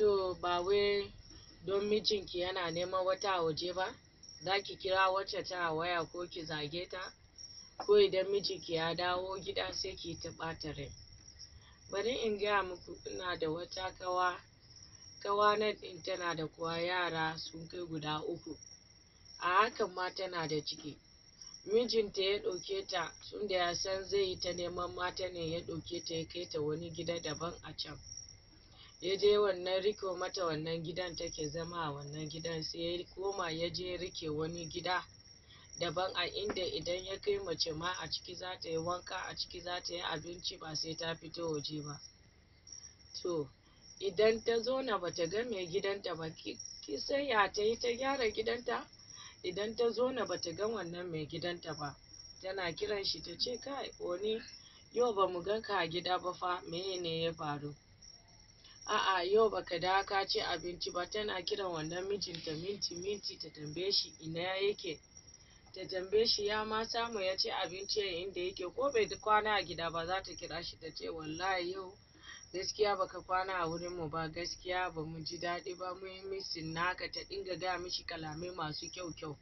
so ba wai don mijinki yana neman wata a waje ba za ki kira wacce ta waya ko ki zage ta ko idan mijinki ya dawo gida sai ki ta ɓata rai bari in gaya muku ina da wata kawa kawa na ɗin tana da kuwa yara sun kai guda uku a hakan ma tana da ciki mijinta ya ɗauke ta tunda ya san zai yi ta neman mata ne ya ɗauke ta ya kai ta wani gida daban a can ya je wannan riko mata wannan gidan take zama a wannan gidan sai ya koma ya je rike wani gida daban a inda idan ya kai mace ma a ciki za ta yi wanka a ciki za ta yi abinci ba sai ta fito waje ba to idan ta zona ba ta ga mai gidanta ba sai ya ta yi ta gyara gidanta idan ta zona ba ta ga wannan mai gidanta ba tana kiran shi ta ce kai wani yau ba mu gan ka a gida ba fa meye ne ya faru a'a yau baka da ka ci abinci ba tana kiran wannan mijinta minti minti ta tambaye shi ina yake ta tambaye shi ya ma samu ya ci abinci ya inda yake ko bai kwana a gida ba za ta kira shi ta ce wallahi yau gaskiya baka kwana a wurin mu ba gaskiya ba mu ji daɗi ba mun yi misin naka ta dinga gaya mishi kalamai masu kyau kyau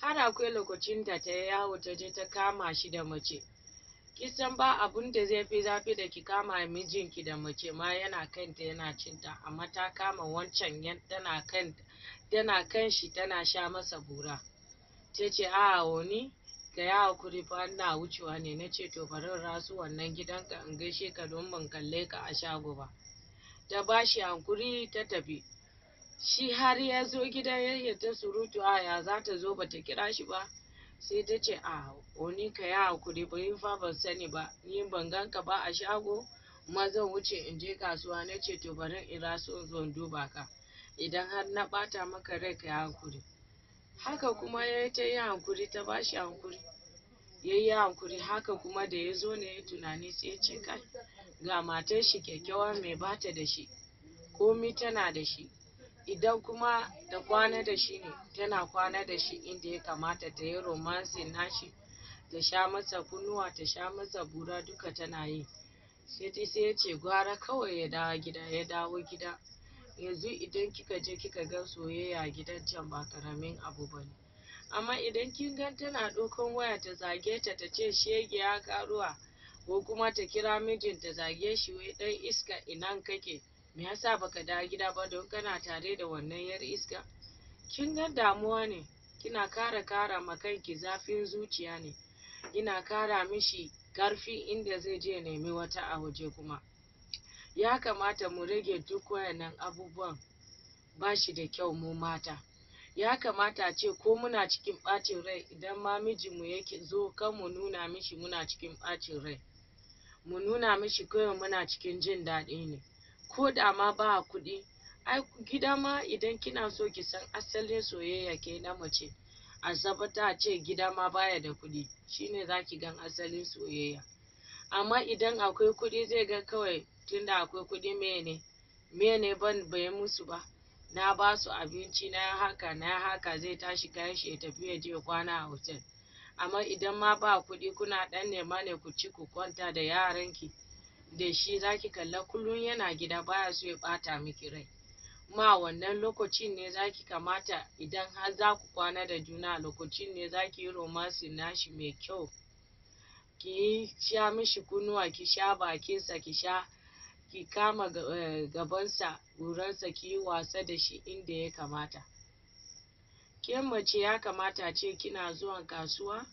har akwai lokacin da ta yawo ta je ta kama shi da mace kisan ba abun da zai fi zafi da ki kama mijinki da mace ma yana kanta yana cinta amma ta kama wancan tana kan tana kan shi tana sha masa bura ce ce a wani ka yi hakuri fa ina wucewa ne na ce to bari rasu wannan gidanka in gaishe ka don ban kalle ka a shago ba ta bashi shi hankuri ta tafi shi har ya zo gidan yayya ta surutu a ya za ta zo ba ta kira shi ba sai ta ce a wani ka yi hakuri ba yin ban sani ba ni ban ka ba a shago ma zan wuce in je kasuwa na ce to bari in raso in zo duba ka idan har na bata maka rai ka yi hakuri haka kuma ya yi ta yi hankuri ta ba shi hankuri ya yi hankuri haka kuma da ya zo ne ya tunani sai ya ce kai ga matar shi kyakkyawa mai bata da shi komi tana da shi idan kuma ta kwana da shi ne tana kwana da shi inda ya kamata ta yi romansin nashi ta sha masa kunnuwa ta sha masa bura duka tana yi sai ta sai ya ce gwara kawai ya dawo gida ya dawo gida yanzu idan kika je kika ga soyayya gidan can ba karamin abu ba ne amma idan kin ga tana ɗaukan waya ta zage ta ta ce shege ya karuwa ko kuma ta kira mijin ta zage shi wai ɗan iska inan kake me yasa baka dawo gida ba don kana tare da wannan yar iska kin ga damuwa ne kina kara kara ma kanki zafin zuciya ne kina kara mishi karfi inda zai je nemi wata a waje kuma ya kamata mu rage duk wayannan abubuwan ba shi da kyau mu mata ya kamata ce ko muna cikin ɓacin rai idan ma mijinmu yake zo kan mu nuna mishi muna cikin ɓacin rai mu nuna mishi kawai muna cikin jin daɗi ne ko da ma ba kuɗi ai gida ma idan kina so ki san asalin soyayya ke na mace asabe ta ce gida ma baya da kuɗi shine zaki gan asalin soyayya amma idan akwai kuɗi zai ga kawai tunda akwai kuɗi mene mene ban bai musu ba na ba su abinci na haka na haka zai tashi kayan shi ya tafi ya je kwana a hotel amma idan ma ba kuɗi kuna ɗan neman ne ku ci ku kwanta da yaranki da shi za ki kalla kullum yana gida baya so ya ɓata miki rai ma wannan lokacin ne za ki kamata idan har za ku kwana da juna lokacin ne za ki yi romansin nashi mai kyau ki yi sha mishi kunuwa, ki sha bakinsa ki sha ki kama eh, gabansa wuransa ki yi wasa da shi inda ya kamata ke mace ya kamata ce kina zuwan kasuwa